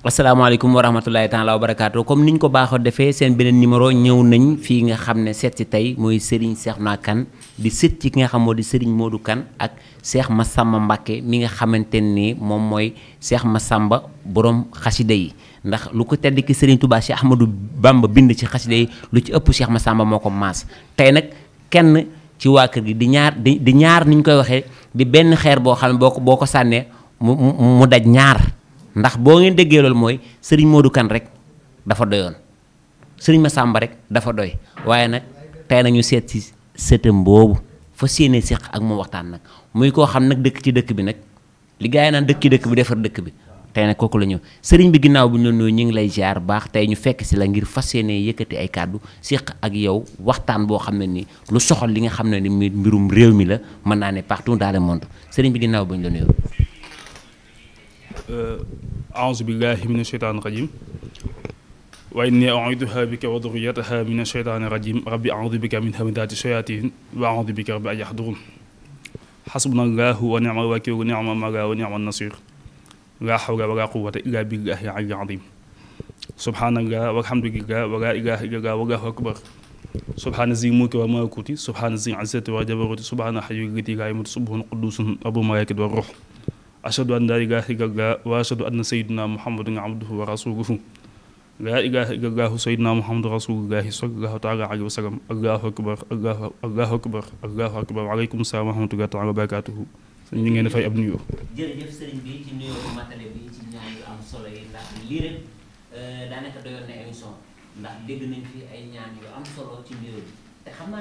asalaamaaleykum wa rahmatulahi taala wa barakaatu comme niñ ko baaxoo defee seen beneen numéro ñëw nañ fii nga xam ne seet si tey mooy Serigne Cheikhouna Kane di sët ki nga xam moo di Serigne Modou Kane ak Cheikh Massamba Mbacké mi nga xamante ni moom mooy ma Massamba borom xasida yi ndax lu ko tedd ki Serigne Touba Cheikh du Bamba bind ci xasida yi lu ci ëpp seex ma Massamba moo ko maas tey nag kenn ci waa kër gi di ñaar di di ñaar niñ koy waxee di benn xeer boo xam ne boo ko boo ko sànnee mu daj ñaar. ndax boo ngeen déggee loolu mooy sëriñ Modou kan rek dafa doyoon sëriñ ma Massamba rek dafa doy waaye nag tey nañu seet si sëtam boobu fa séenee seq ak mu waxtaan nag muy koo xam nag dëkk ci dëkk bi nag li gars yi dëkk dëkk bi defar dëkk bi tey nag kooku la ñëw sëriñ bi ginnaaw bu ñu doon ñu ngi lay jaar baax tey ñu fekk si la ngir fas yéenee yëkkati ay kàddu seq ak yow waxtaan boo xam ne nii lu soxal li nga xam ne ni mbirum réew mi la mën naa ne partout dans le monde sëriñ bi ginnaaw bi la nuyoo. Euh, aouzu billahi min asheytaan rajim wa inni auduha bika wa duriyataha min asheytaan rajim rabbi audu bika min hamidati shayatin wa audu bika rabbi an yahdurun xasbuna allahu wa nicma alwakiil wa nicma mawla wa nicma nasir laa xawla wala quwata illa billahi ali azim subhanallah walhamdulillah wala ilaha illallah wallahu akbar subhaana zi mulki wa malakuti subhaana zi izzati wa jabaruti subhaana xayu lati laa yamutu subhun qudusun abu malaaykati wa ruux ashadu an laa ilaaha illallaah wa ashadu anna sayyidina muhammadan abduhu wa rasuluhu laa ilaaha illallaah sayyidina muhammadan rasulullaahi sallallaahu taala alayhi wa sallam allaahu akbar allaahu di fay bi ci nuyoo bi ci ñaan yu am solo yi ndax lii euh, nañ xam naa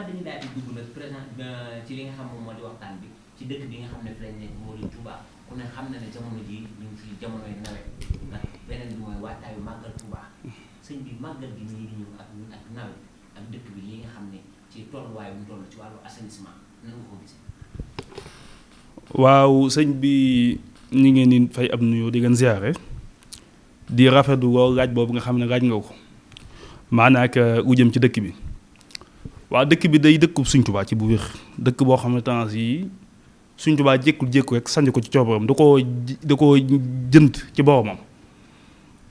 dañu daal di dugg nag présent euh, ci li nga xam moom di waxtaan bi ci dëkk bi nga xam ne fi lañ nekk di Touba. ku ne xam na jamono ji ñu ngi fi jamonoy nawet ndax mooy waajtaayu màggal Tuubaa sëñ bi màggal gi nii di ñëw ak nawet ak dëkk bi li nga xam ne ci tolluwaay mu toll ci waaw sëñ bi ñi ngeen di fay ab nuyoo di ngeen ziare di rafetlu lool laaj boobu nga xam ne laaj nga ko maanaam u uh, jëm ci dëkk bi waa dëkk bi day dëkku Sëñ Tuubaa ci bu wér dëkk boo xam ne temps yi suñ tubaa jékkul jékku rek sañ ko ci coobaram da koo da koo jënd ci boromam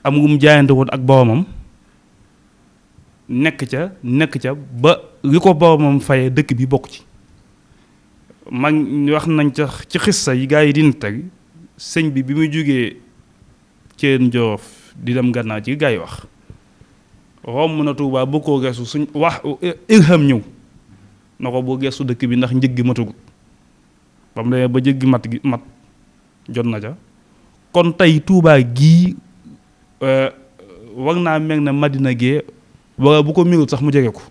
am ngum jaayante woon ak boromam nekk ca nekk ca ba li ko boromam faye dëkk bi bokk ci mag wax nañ ca ci xissa yi gaa yi di teg sëñ bi bi muy jógee ceen joof di dem gànnaaw ci gaa wax romb na Tuubaa bu ko geesu suñ wax irham ñëw na ko boo geesu dëkk bi ndax njëg gi matagut ba mu demee ba jëggi mat gi mat jot na ca kon tey Touba gii euh, war naa meeg na Madina gee wala bu ko miirut sax mu jege ko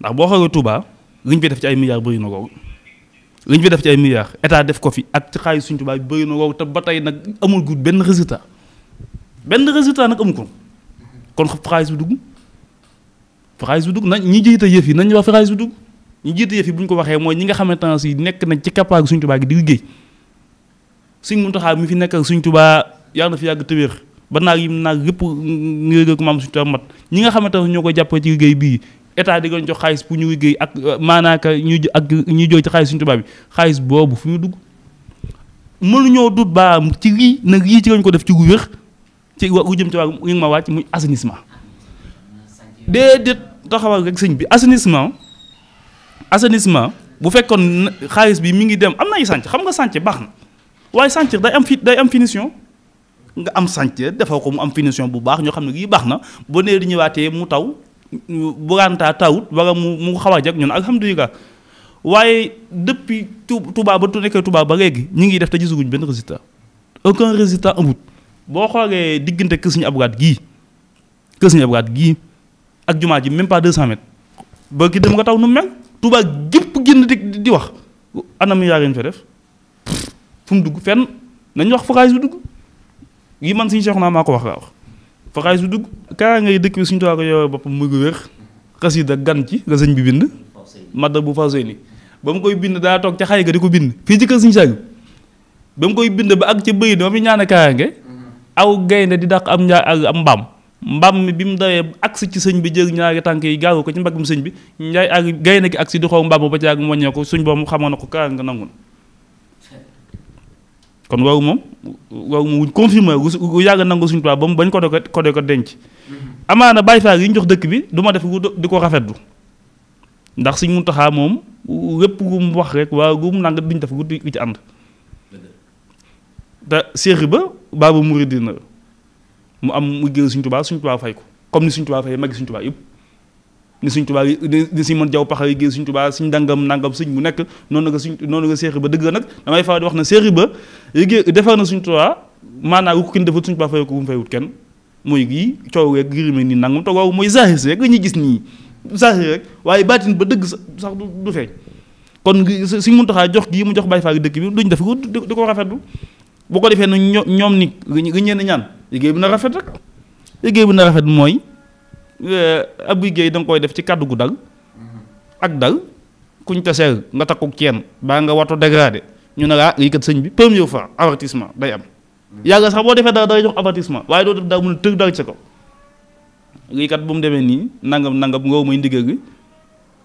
ndax boo xoolee Touba liñ fi def ci ay milliards bëri na ko liñ fi def ci ay milliards état def ko fi ak ci xaalis suñ Touba bëri na ko te ba tey nag amul gudd benn résultat benn résultat nag amu ko kon xaalis bi dugg xaalis si dugg nañ ñi jiite yëf yi nañ wax xaalis bi dugg. ñu jiite yëf yi bu ñu ko waxee mooy ñi nga xamante ne si nekk nañ ci kappaag suñ tubaa gi di liggéey suñ muntaxaa mi fi nekk ak suñ tubaa yàlla na fi yàgg tëwéer ba naag yim naag yëpp ngéegéeg maam suñ tubaa mat ñi nga xamante ne ñoo ko jàpp ci liggéey bii état di gën jox xaalis pour ñu liggéey ak euh, maanaaka ñu ak ñuy jooy ci xaalis suñ tubaa bi xaalis boobu fu ñu dugg mënuñoo dut baam ci lii nag yii ci lañ ko def ci gu wér ci gu jëm ci wàllu ngi ma wàcc mu assainissement déedéet taxawal rek sëñ bi assainissement assainissement bu fekkoon xaalis bi mi ngi dem am na ay sànc xam nga sànc baax na waaye sànc day am fi day am finition nga am sànc defoo ko mu am finition bu baax ñoo xam ne lii baax na boo nee di ñëwaatee mu taw bu tawut wala mu mu xaw a jag ñun alhamdulilah waaye depuis Touba ba tu nekkee tubaab ba léegi ñu ngi def te gisaguñ benn résultat aucun résultat amut boo xoolee diggante kër suñu abgaat gii kër suñu abgaat gii ak jumaa ji même pas 200 mètres ba ki taw nu mel. Touba gépp ginn di di wax anam yaa ngeen def fu dugg fen nañu wax fa xaalis bi dugg yi man suñu Cheikh naa maa ko wax laa wax fa xaalis bi dugg kaa ngay dëkk bi suñu a ko yow boppam muy wér xasida gan ci la sëñ bi bind madda bu fasey ni ba mu koy bind daa toog ca xay ga di ko bind fii ci kër suñu Cheikh ba mu koy bind ba ak ca bëy ba mu ñaan a kaaraange mm-hmm. aw gaynde di daq am njaa am mbaam mbam mi bi mu dawee agsi ci sëñ bi jël ñaari tànk yi gaaru ko ci mbaggum sëñ bi njaay ak gaynde ki agsi di xool mbam ba caag mu wàññeeku suñ boobu xamoon ko kaar nga nangu na kon waru moom waru yàgg nangu suñu tubaab ba mu bañ ko doon ko ko denc. amaana Baay Faal yi ñu jox dëkk bi duma ma def di ko rafetlu ndax suñ Muntaxaa moom lépp gu mu wax rek waa gu mu nang duñ def gu ci ànd. te ba Ibra Baabu Muriidiin mu am mu génn suñ tubaa suñ tubaa fay ko comme ni suñ tubaa fay magi suñ tubaa yëpp ni suñ tubaa yi ni si suñ tubaa suñ dangam suñ mu nekk noonu nga suñ noonu nga seexi ba dëgg nag damay faa di wax ne seexi ba liggéey na suñ tubaa maanaa wu ko kenn defal suñ tubaa fay ko bu mu faywut kenn mooy gii coow rek girime nii nangam toog waaw mooy zahir si rek la ñuy gis nii zahir rek waaye baatin ba dëgg sax du feeñ kon suñu mun taxaa jox gii mu jox Baay Faal dëkk bi duñ def ko di ko rafetlu boo ko defee nag ño ñoom nit gi ñeen ñaan liggéey bi na rafet rek liggéey bu na rafet mooy eh, ab liggéey da nga koy def ci kàddu gu dal ak dal kuñ taseel nga takku kenn baa nga watu dégradé ñu ne laa ah, lii kat sëñ bi première fois avertissement day am yàgga sax boo defee dara day jox avertissement waaye doo def daa mun a tëg dal ci ko lii kat bu mu demee nii nangam nangam nga may ndigal gi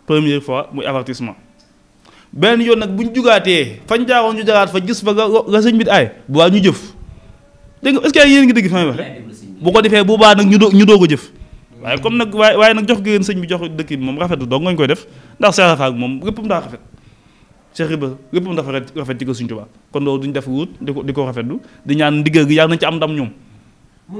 première fois muy avertissement benn yoon nag bu ñu jugaatee fañ jaaroon ñu jaraat fa gis fa ga ga sëñ bi ay bu baax ñu jëf dégg nga est-ce ngi dégg fi may waxe bu ko defee bu baax nag ñu doo ñu doog jëf waaye comme nag waaye waaye nag jox géen sëñ bi jox dëkk bi moom rafetu dong ngañ koy def ndax Cheikh Rafaal moom léppam daa rafet Cheikh ba léppam dafa rafet ci ko sëñ Tuubaa kon doo duñ def wut di ko di ko rafetlu di ñaan ndigal gi yàlla nañ ci am ndam ñoom mu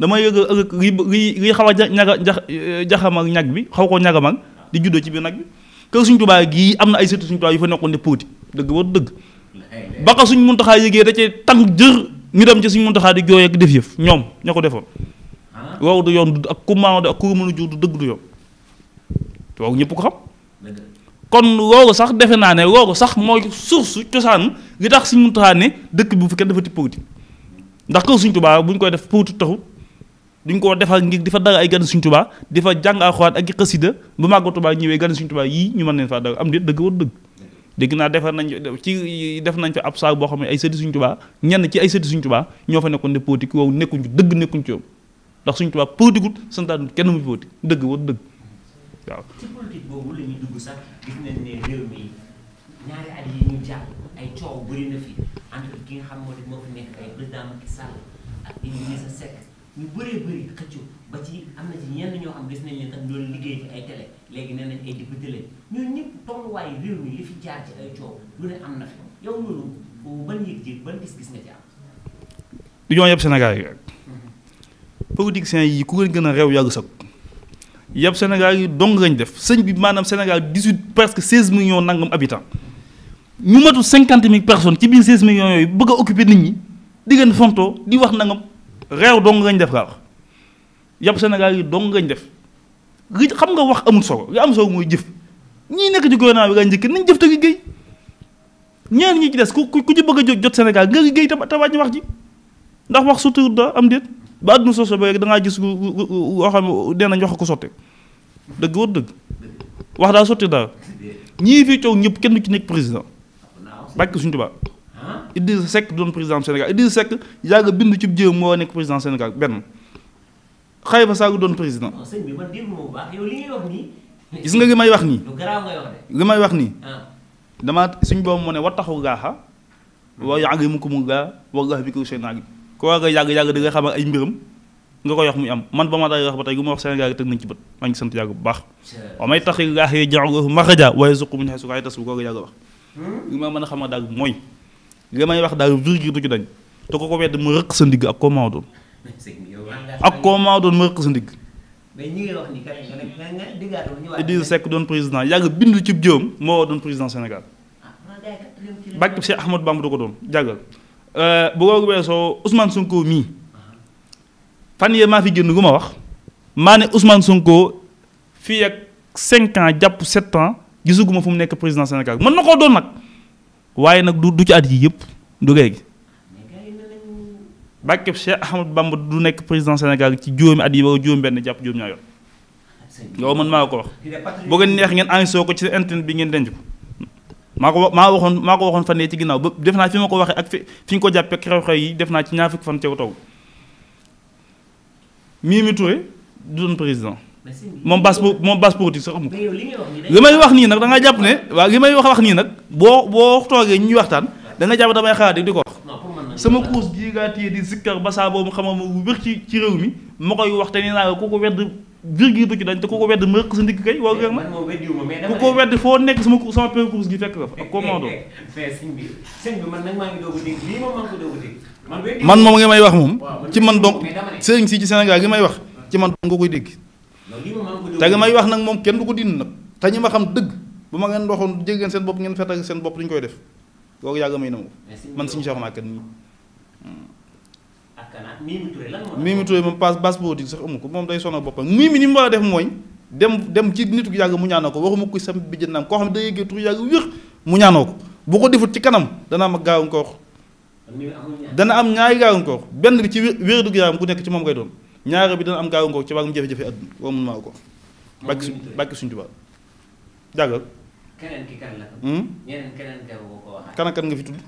dama yëg ëgg ri ri xaw a ñaga jax jaxam ak ñag bi xaw ko ñagam ak di juddoo ci biir nag bi kër suñ tubaa gi am na ay sëtu suñu tubaa yu fa nekkoon ne póoti dëgg war dëgg baka suñ muntaxaa yëgee da cee tànk jër ñu dem ci suñ muntaxaa di jooy ak def yëf ñoom ña ko defoon waaw ah. du yoon ak ku maano ak ku mën a jur du dëgg du yoon waaw ñëpp ko xam kon woogu sax defe naa ne woogu sax mooy su cosaan li tax suñ muntaxaa ne dëkk bu fi kenn dafa ti ndax kër suñ tubaa bu ñu koy def póoti taxut duñ ko defal ngi di fa dara ay gan suñ tubaa di fa jàng ak i xasida bu màggu tubaa ñëwee gan suñ tubaa yii ñu mën leen faa dara am déet dëgg war dëgg dégg naa defar nañ ci def nañ fa ab saar boo xam ne ay sëti suñ tubaa ñenn ci ay sëti suñ tubaa ñoo fa nekkoon ne politique wow nekkuñ ci dëgg nekkuñ ci yow ndax suñ tubaa politique santaanul kenn mu politique dëgg war dëgg waaw ci politique xam moo ñu bëree bëri xëccu ba ci am na ci ñenn ñoo xam gis nañ leen tam doon liggéey ci ay télé léegi nee nañ ay député lañ ñooñu ñëpp tolluwaayu réew mi li fi jaar ci ay coow lu ne am na fi yow loolu ban yëg gis-gis nga ci am. du ñoo yeb Sénégal yi rek. politiciens yi ku leen gën a réew yàgg sax yeb Sénégal yi dong lañ def sëñ bi maanaam Sénégal dix-huit presque seize millions nangam habitants ñu matu cinquante mille ci biir seize millions yooyu bëgg a nit ñi di leen fontoo di wax nangam. réew dong nga def kaa wax yàpp Sénégal yi dong nga def li xam nga wax amul solo li am solo mooy jëf ñii nekk ci naa bi nga njëkk nañ jëf te liggéey ñeen ñi ci des ku ku ci bëgg a jot Sénégal nga liggéey te te wàññi wax ji ndax wax surtout da am déet ba àdduna soso ba rek dangaa gis loo xam ne nañ wax ko sotte dëgg dëgg wax daa sotti daal ñii fii coow ñëpp kenn ci nekk président bàkk suñu tubaab Idrissa Seck doon président Sénégal Idrissa Seck yàgg bind ci jéem moo nekk président Sénégal benn Khalifa Sall doon président. sëñ bi man dégg bu baax yow li wax nii. gis nga li may wax nii. lu li may wax nii. Ah. damaa suñ boobu moo ne wa taxu gaaxa. wa yàgg mu ko mu gaa wa gaax bi ko seen naag ko waa nga yàgg nga xam ay mbiram nga koy wax muy am man ba ma day wax ba tey gu ma wax Sénégal gi ci bët maa ngi sant yàgg bu baax. wa may taxi gaax yi jaxu maxaja waaye suqu min xeesu kaay tas bu ko yàgg wax. Hmm? li ma mën a xam a daal mooy li may wax daal virgule du dañ te ko ko wedd mu rëq sa ndigg ak koo maa doon. ak koo doon mu rëq sa ndigg. mais ñi doon président yàgg bindu ci jëm moo war doon président Sénégal. Ah, bàkk Cheikh Ahmadou Bamba du ko doon jàggal. Euh, bu ko weesoo Ousmane Sonko mii ah. fan yee maa fi génn gu ma wax maa ne Ousmane Sonko fii ak 5 ans jàpp 7 ans ma fu mu nekk président Sénégal mën na koo doon nag. waaye nag du du ci at yi yëpp du léegi bàkkeb Cheikh Ahmadou Bamba du nekk président Sénégal ci juróomi at yi wala juróom benn jàpp juróom ñaar yoon loolu man maa ko wax boo ngeen neex ngeen enregistré ko ci internet bi ngeen denc ko maa ko maa waxoon maa ko waxoon fan yii ci ginnaaw ba def naa fi ma ko waxee ak fi fi ñu ko jàppee xew-xew yi def naa ci ñaar fukki fan ca ko toog Mimi Touré du doon président moom base po moom base politique sax amu li may wax nii nag da nga jàpp ne waaw li may wax wax nii nag boo boo toogee ñuy waxtaan da nga jàpp damay xalaat di ko wax sama course gii ngaa téye di sikkar basaa boobu xam-xam bu wér ci ci réew mi moo koy wax te naa ku ko wedd virgule du ci dañ te ku ko wedd ma rëq sa ndigg kay waaw ma ku ko wedd foo nekk sama course gi fekk nga ak koo a man moom nga may wax moom ci man donc sëriñ si ci Sénégal gi may wax ci man donc nga koy dégg te nga may wax nag moom kenn du ko dind nag te ñi ma xam dëgg bu ma ngeen waxoon jégg seen bopp ngeen fett seen bopp duñ koy def kooku yàgg may na ma ko man suñu Cheikh Makan nii Mimi Touré moom passe passe politique sax amu ko moom day sonal boppam Mimi ni mu war a def mooy dem dem ci nit yàgg mu ñaanoo ko waxuma ko sam bi jënnaam koo xam ne da yéegee tur yàgg wér mu ko bu ko defut ci kanam dana am gaawankoor dana am ñaari gaawankoor benn bi ci wér-dugg yaram ku nekk ci moom ngay doon ñaara bi dana am gaawu ngoog ci wàllum jafe-jafe àdduna woo ko bàkki suñ bàkki suñ tubaab jàggal keneen ki kan la hmm? kan ak kan nga fi tudd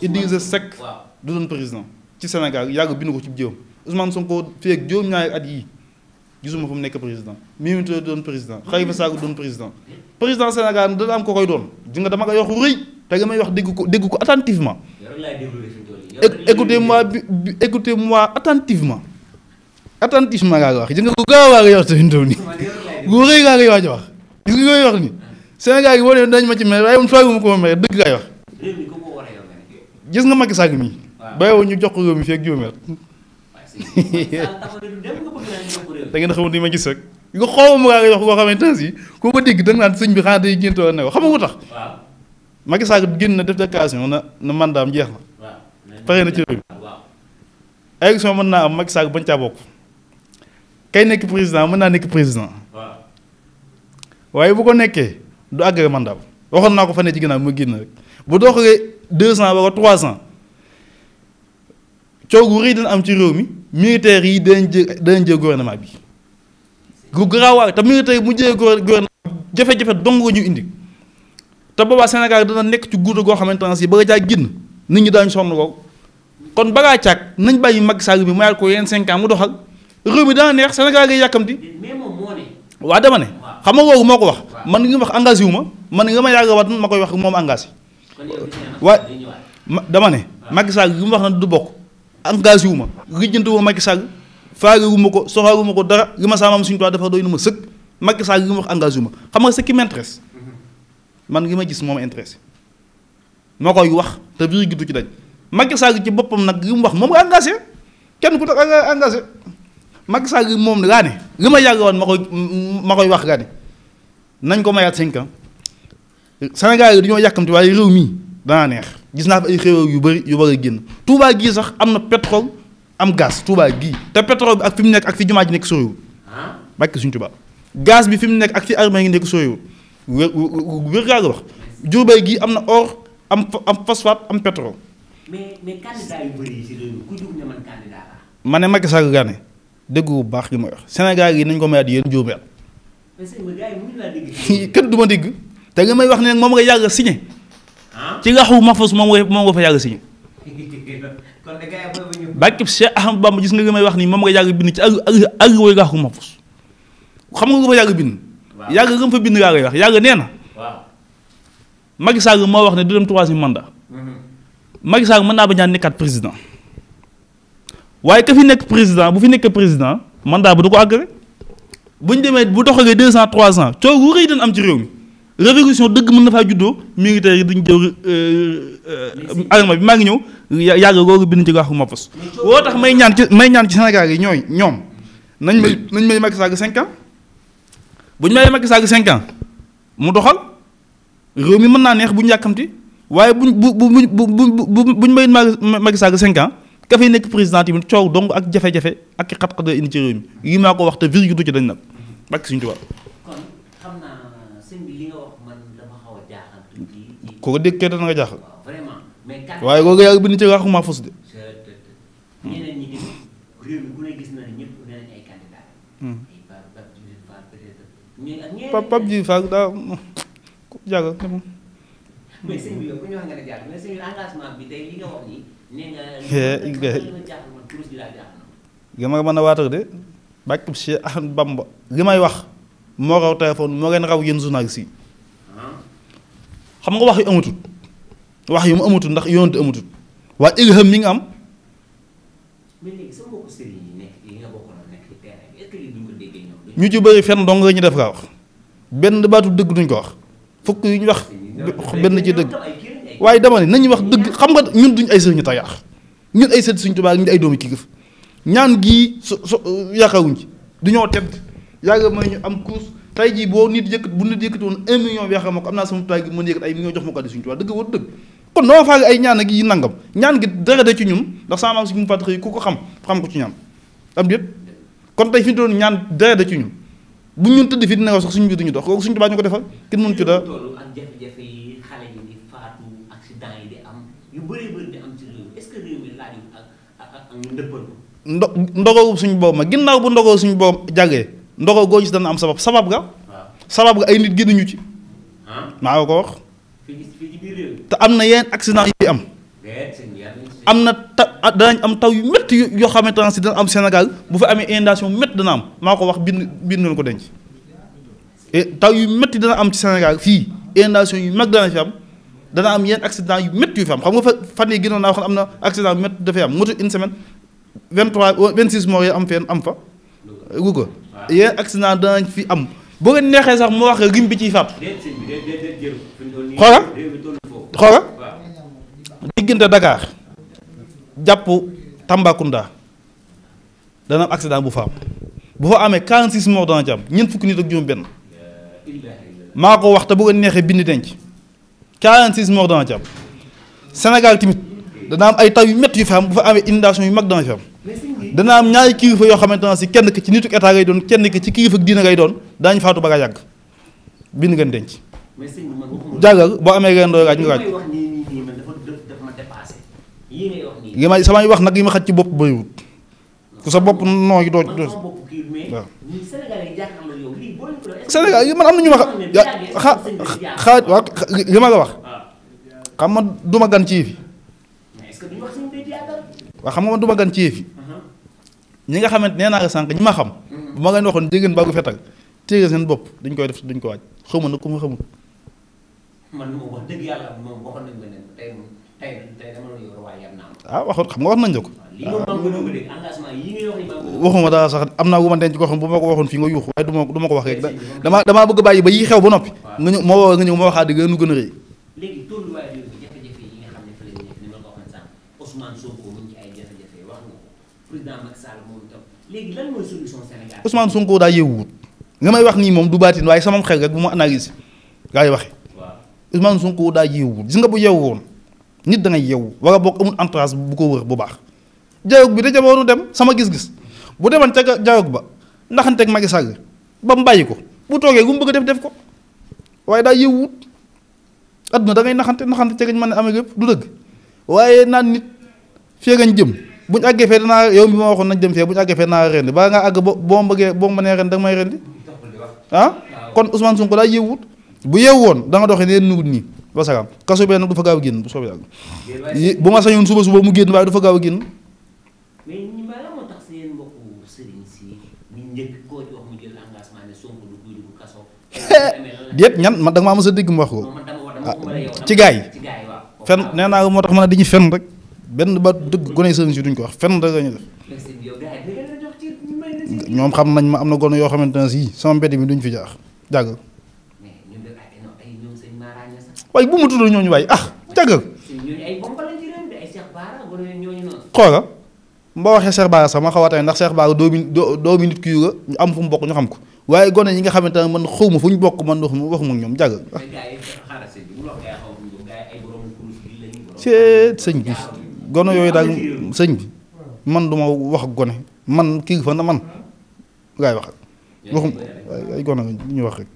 Idrissa Seck du doon président ci Sénégal yàgg bind ko ci jëwam Ousmane Sonko fii ak juróom-ñaari at yii gisuma fa mu nekk président Mimi Touré doon président Khalifa Sall doon président président Sénégal dana am ko koy doon di nga dama nga yoxu rëy te nga may wax dégg ko dégg ko attentivement écoutez-moi bi écoutez-moi attentivement attentivement laa ko wax gis nga ku gaaw laa gi boo nee ma ci mer waaye man faagu ma ko wax gis nga Macky Sall mii bàyyiwoo ñu jox ko réew mi fii ak juróomi at da ngeen xamul ma gis rek nga xaw ma laa koy wax koo xamante ne si koo ko dégg da nga sëñ bi xanaa day géntoo ne ko xam nga ko tax Macky génn na def déclaration na na mandaam jeex na fexe na ci réew élection mën naa am Macky Sall caa bokk kay nekk président mën naa nekk président waaye bu ko nekkee du àggale mandat waxoon naa ko fa ne ci ginnaaw mu génn rek bu doxalee deux ans wala trois ans coow gu rëy dina am ci réew mi militaires yi danañ jël danañ jël gouvernement bi gu garaawaay te militaires yi mu jëlee gouvernement jafe-jafe dong la ñu indi te boobaa Sénégal dana nekk ci guuta goo xamante ne si ba nga caa génn nit ñi daañu sonn ko. kon balaa caag nañ bàyyi Macky Sall bi mayaat ko yenn cinq ans mu doxal réew mi dana neex Sénégal ngay yàkkamti. waa moom dama ne. xam nga loolu moo ko wax. man li nga wax engagé wu ma man li ma yàgg a wax ma koy wax moom engagé. waaye dama ne. Macky Sall li mu du bokk engagé wu ma lijjanti wu Macky Sall faale wu ko soxaale ko dara li ma saamam suñu toit dafa doy nu ma sëkk Macky Sall li mu wax engagé wu ma xam nga ce qui m'intéresse mhm. man li ma gis moom intéressé ma koy wax te biir gi du ci dañ Macky Sall ci boppam nag li mu wax moom nga engagé kenn ku nekk engagé Macky Sall moom laa ne li ma yàgg woon ma koy ma koy wax laa ne nañ ko mayaat cinq ans Sénégal yi dañoo yàkkamti waaye réew mii danaa neex gis naa fi ay xéwal yu bëri yu bëri génn Touba gii sax am na pétrole am gaz Touba gii te pétrole bi ak fi mu nekk ak fi jumaa ji nekk soriwul bàkk suñ Touba gaz bi fi mu nekk ak fi armée ngi nekk soo wér wér gaa wax Diourbel gii am na or am am phosphate mais mais candidat yu bëri man ne Macky Sall Gane dëgg bu baax li ma wax Sénégal yi nañ ko mayaat yéen juumee at. mais sëñ bi gars kenn du ma te li may wax ne moom nga yàgg a signé. Ah? ci laxu Mahfouz moom nga moom nga fa yàgg signé. kon nag gars yi boobu gis nga li may wax nii moom nga yàgg bind ci àll àll àll woowu laxu xam nga lu fa yàgg bind. waaw yàgg nga fa bind laa koy wax yàgg nee na. waaw Macky moo wax ne du dem troisième mandat mm-hmm. Macky Sall mën naa ba ñaan nekkaat président waaye ka fi nekk président bu fi nekk président mandaa bu du ko àggale bu ñu demee bu doxalee deux ans trois ans coow wu rëy dañ am ci réew mi révolution dëgg mën na faa juddoo militaire yi dañ jëw euh, euh, arme bi maa ngi ñëw yàgg googu bind ci gaaxu moppos woo tax may ñaan ci may ñaan ci Sénégal yi ñooy ñoom nañ may nañ may Macky Sall cinq ans bu ñu mayee Macky cinq ans mu doxal réew mi mën naa neex bu ñu waaye buñ bu bu bu bu buñ mayoon Macky Sall cinq ans ka fay nekk président tamit coow dong ak jafe-jafe ak xat-xat la indi ci réew mi yi maa ko wax te virgule du ci dañ nag bakk suñu tubaab. kon xam naa sëñ bi li nga wax man dama xaw a jaaxal tuuti. kooku dégg kenn dana nga jaaxal. vraiment mais. waaye kooku yaa ngi bind ci waxuma fos de. ñeneen ñi di réew mi ku ne gis na ne ñëpp ne nañ ay candidats. Hmm. ay Pape Djibril Fall peut-être. Pape Djibril Fall daa jaaga. mais li ma mën a waatal de bàkkib si Ahmad Bamba li may wax moo raw téléphone moo leen raw yéen journaliste si ah. xam nga wax yu amatul wax yu mu amatul ndax yoon yonent amatul waaye ilham mi nga am ñu ci bëri fenn dong la ñu def kaa wax benn baatu dëgg duñ ko wax fukk yu ñu wax benn ci dëgg waaye dama ne nañu wax dëgg xam nga ñun duñ ay sëriñu tayax ñun ay sët suñ Tuubaa ñu ay doomi kilif ñaan gii su su yaakaaruñ ci duñoo tedd yàgg may ñu am course tey jii boo nit yëkkat bu nit yëkkati woon un million ma ko am naa sama tubaab gi mën yëkkat ay million jox ma ko addi suñ Tuubaa dëgg war dëgg kon noo faa ñaan ak yi ci ñun ndax sama maam si mu ko xam xam ko ci ñaan am déet kon tey fi doon ñaan dara de ci bu ñun tëdd fii dina sax suñu biir suñ Tuubaa ñu ko defal kenn mënu ci am jafe ndogoo suñu boobu ma ginnaaw bu ndogoo suñu boobu jagee ndogoo goo gis dana am sabab sabab ga. sabab ga ay nit génnuñu ci. maa ko wax. te am na yenn accident yi am. am na ta ah, danañ am taw yu métti yoo xamante ne dana am Sénégal bu fa amee inondation métti dana am maa ko wax bind bind nañ ko denc. Eh, taw yu métti dana am ci Sénégal fii inondation yu mag dana fi am dana am yenn accident yu métti yu fi am xam nga fa fan yi gënoon naa wax am na accident yu dafay am motu une semaine 23 26 moo am fenn am fa. Louga yenn accident danañ fi am boo ngeen neexee sax moo wax rim bi ciy fàpp. xoola xoola diggante Dakar jàpp Tambacounda dana am accident bu fa am bu fa amee 46 morts dana ci am ñeent fukki nit ak juróom benn. maa ko wax te bu neexee bind denc 46 morts dana ci am Sénégal tamit dana am ay taw yu metti yu fi am bu fa amee inondation yu mag dana fi am dana am ñaari kilifa yoo xamante ne si kenn ki ci nituk état ngay doon kenn ki ci kilifa diina ngay doon daañu faatu ba nga yàgg bind ngeen denc. jàngal boo amee ngeen doon raaj nga raaj. li may samay wax nag yi ma xaj ci bopp bëriwut ku sa bopp noo yi doo waaw. Sénégal yi man am na ñu ma xa xa la wax xam ma duma ma gan ci yëf yi xam nga man du ma gan ci yëf uh-huh. ñi nga xamante nee naa la sànq ñi ma xam uh-huh. bu ma leen waxoon dégg ngeen bàggu fetal téye seen bopp duñ koy def duñ ko waaj xamul nag ku ma xamul. man moom wax yàlla moom waxoon nañ la ne ah, xam nga wax nañ la ko. waxuma daa sax am na wu ma denc koo xam bu ma ko waxoon fii nga yuux waaye du ma du ma ko wax dama bëgg bàyyi ba yi xew ba noppi nga ñëw ma woo nga ñëw ma waxaat daa yeewuwut nga may wax nii moom du baatin waaye sama xel rek bu ma analyse gaa yi waxe Ousmane Sonko daa yeewuwut gis nga bu yeewu woon nit da ngay yeewu wala boog amul entourage bu ko wër bu baax dialogue bi da ca waru dem sama gis-gis bu demoon ca dialogue ba ndaxanteeg Macky Sall ba mu bàyyi ko bu toogee gu mu bëgg a def def ko waaye daa yëwut adduna da ngay naxante naxante ca gañ mën a amee lépp du dëgg waaye naan nit fee gañ jëm buñ àggee fee danaa yow mi ma waxoon nañ jëm fee buñ àggee fee danaa rendi baa ngaa àgg bo boo bëggee boo mënee ren danga may rendi ah kon Ousmane Sonko daa yëwut bu yeewu woon da nga doxee neen nuwut nii wasalaam kaso bee nag du fa gaaw a génn bu soobee yàlla bu ma sañoon suba suba mu génn waaye du fa gaaw génn mais ñi ma la moo tax seen mbokku sëriñ si ñu déet ñan man da nga maa mos mu wax ko. ci gaa yi ci gaa yi moo tax ma di dañuy fen rek benn ba dëgg gone sëriñ si duñ ko wax fen rek ñoom xam nañ ma am na gone yoo xamante ne sii sama mbedd mi duñ fi jaax jàggal. waaye bu mu ñooñu waaye ah jàggal. xoola. mboo waxee Cheikh Bara sax ma xaw a tane ndax Cheikh Bara doomi doomi nit ki am fu mu bokk ñu xam ko waaye gone yi nga xamante ne man xaw ma fu ñu bokk man waxuma waxuma ñoom jàgg seet sëñ bi gone yooyu daal sëñ man du ma wax gone man kii fa na man ngay wax waxum ay gone li ñu wax rek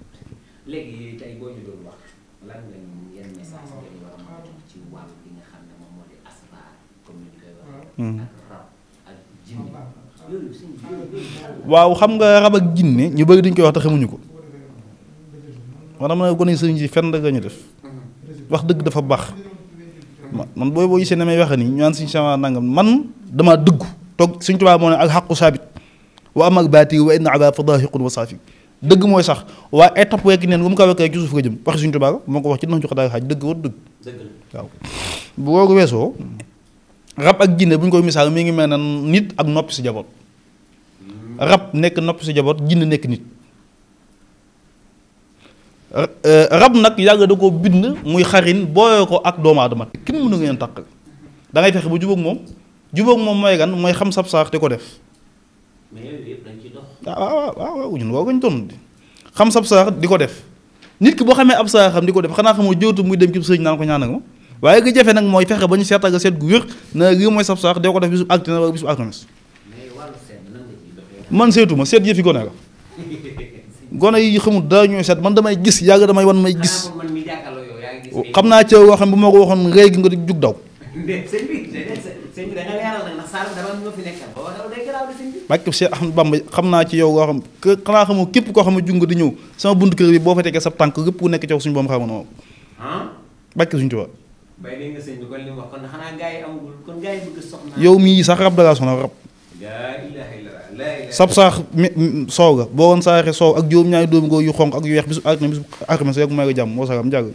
waaw xam nga rab ak jinne ñu bëri dañ koy wax te xamuñu ko maanaam na gone sëriñ si fenn rek la ñu def wax dëgg dafa baax man booy boo gisee ne may waxe nii ñu naan suñu sama nangam man damaa dëgg toog suñ tubaab moo ne ak xàqu saabit wa am ak baati wa inna ala fadahiqun wa saafi dëgg mooy sax waaye étape wekk neen bu mu ko wekkee ci suuf nga jëm waxi suñ tubaab moo ko wax ci nax ñu ko dëgg war dëgg waaw bu ko weesoo rab ak jinne bu koy misaal mi ngi mel ne nit ak noppi si jaboot rab nekk nopp si jaboot jinn nekk nit euh, rab nag yàgg da koo bind muy xarin booyoo ko ak doomu aadama kenn mënu ngeen tàqale da ngay fexe bu jubóog moom jubóog moom mooy gan mooy xam sab saax te ko def waaw waaw ah, ah, ah, waaw ñun woo ko ñu doon xam sab di ko def nit ki boo xamee ab saaxam di ko def xanaa xamoo jootu muy dem ci sëñ naan ko ñaan ak ma waaye gi jafe nag mooy fexe ba ñu seet ak seet gu wér na lii mooy sab saax ko def bisu altine wala bisu alxames man seetuma seet yëfi gone la gone yi xamul dara ñooy seet man damay gis yàgg damay wan may gis xam naa ca woo xam bu moo ko waxoon réegi nga di jug daw bàkk Cheikh xam naa ci yow woo xam xanaa xamoo képp koo xam ne jug nga di ñëw sama bunt kër bi boo fa tegee sa tànk képp ku nekk ci suñu boom xamoon moom bàkk suñu tubaab bay dégg nga mii sax rab da laa rab sab saax soow ga boo woon saaxee soow ak juróom ñaari doomi góor yu xonq ak yu weex bisu altine bisu alxames rek may ko jàmm moo saxam jàgg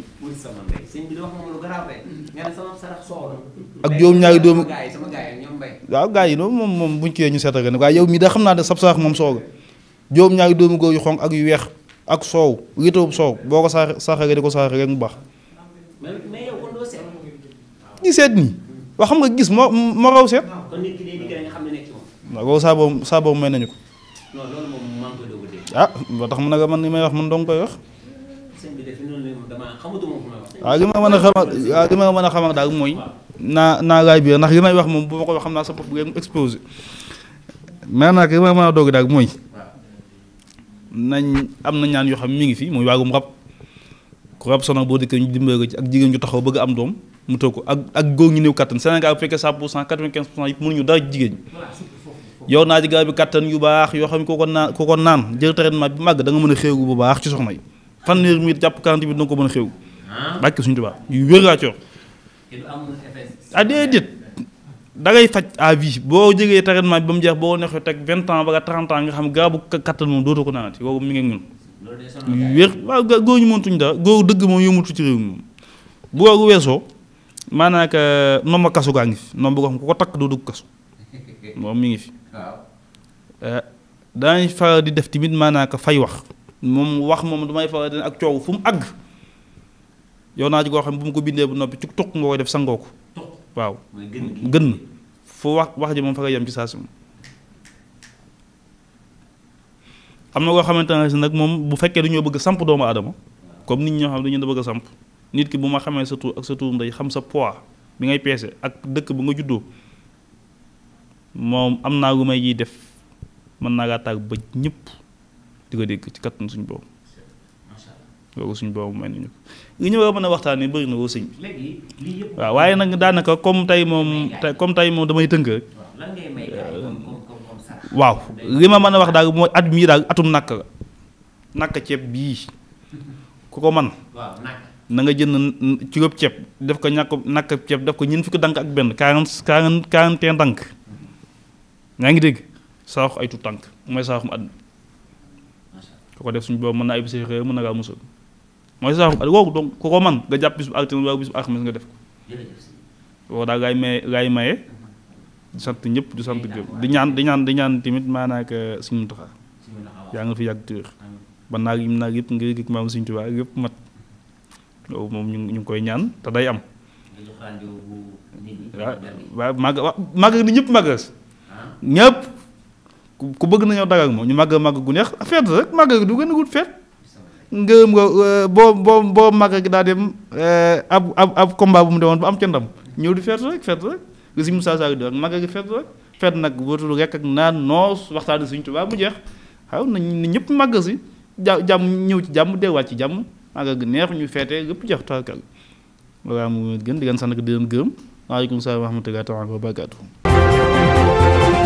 ak juróom ñaari doomi waaw gars yi noonu moom moom buñ kiwee ñu seetal ne waaye yow mii da xam naa ne sab saax moom soow ga juróom ñaari doomi góor yu xonq ak yu weex ak soow witawub soow boo ko saax saaxee di ko saaxee rek mu baax di seet nii waa xam nga gis moo moo raw seet waaw boobu saa boobu may nañu ko. a dégg. ah ba tax mu nag man li may wax man dong koy wax. sëñ bi may wax. Ah, li ma mën a xamal ah, li ma mën a xamal daal mooy. naa naa laay biir ndax li may wax moom bu ma ko wax xam naa sa bopp ngeen exposé. maanaam li ma mën a doog daal mooy. nañ am na ñaan yoo xam mi ngi fi muy waagum rab ku rab sonal boo dikkee ñu dimbale ci ak jigéen ñu taxaw bëgg am doom mu toog ko ak ak góor ñu néew kattan Sénégal bu fekkee 100 pour cent 95 pour cent yëpp jigéen yow naa ji garab bi kattan yu baax yoo xam ne ku ko naan ku ko naan jël traitement bi màgg danga mën a xéwgu bu baax ci soxna yi fanweeri minute jàpp 40 minutes ko mën a xéwgu. Ah. bàkk suñu tubaab laa coor. ah déedéet da ngay faj boo jegee traitement bi mu jeex boo neexee teg 20 ans ba nga 30 ans xam garabu kattan moom dootoo ko naanati boobu ngi ak ñun. wér waaw góor ñu mëntuñ daa góor dëgg moom yomutu ci réew mi moom bu googu weesoo maanaam nomba kasu gaa ngi fi nomba goo xam ku takk doo dugg kasu moom mi ngi fi waaw eh, daañu di def tamit maanaam fay wax moom wax moom du may faral ak coow fu mu àgg yow naa ji koo xam ne bu mu ko bindee bu noppi ci tuq nga koy def sangoo ko waaw gën fu wax wax ji moom fa nga yem ci saa si moom am na koo xamante si nag moom bu fekkee dañoo bëgg samp doomu aadama comme nit ñoo xam dañu da bëgg a samp nit ki bu ma xamee sa tur ak sa turum day xam sa poids bi ngay peese ak dëkk bu nga juddoo moom am naa gu may ji def mën naa kaa tàgg ba ñëpp di ko dégg ci kattan suñ boobu. kooku suñ boobu may nañu ko li ñu war a mën a waxtaanee bëri na woo sëñ waaw waaye nag daanaka comme tey moom tey comme tey moom damay tënk waaw li ma mën a wax daal mooy at mii daal atum nàkk la ceeb bii ku ko man na nga jënd ci rëbb ceeb def ko ñàkk nakk ceeb def ko ñeent fukki dank ak benn quarante quarante quarante et ñaa ngi dégg saraxu ay tuut tànk mooy saraxum àdduna ku ko def suñu boobu mën naa ay bisi xëy mën na ngaa musal mooy saraxum àdduna woowu ko man nga jàpp bis bu altine waaw bis bu alxames nga def ko woo daal ñëpp di sant di ñaan di ñaan di ñaan tamit maanaak euh, yaa nga fi yàgg téwér ba naag yim naag yëpp nga yëg maam suñu tubaa yëpp mat loolu moom ñu ngi koy ñaan te day am waaw waaw màgg waaw màgg ni ñëpp màggas ñëpp ku bëgg nañoo dagal moom ñu màgg màgg gu neex feet rek màgg gi du gën a wut feet ngërëm nga euh, boo boo boo màgg gi daa dem euh, ab ab ab combat bu mu demoon ba am ca ndam ñëw di feet rek feet rek nga si Moussa Sarr di rek màgg gi feet rek feet nag wóotul rek ak naan noos waxtaani suñ tubaab mu jeex xaw na ni ñëpp màgg si ja jàmm ñëw ci jàmm deewaat ci jàmm màgg gi neex ñu feetee yëpp jeex taakal waaw mu gën di gën sax nag di leen gërëm waaleykum salaam wa rahmatulah taala wa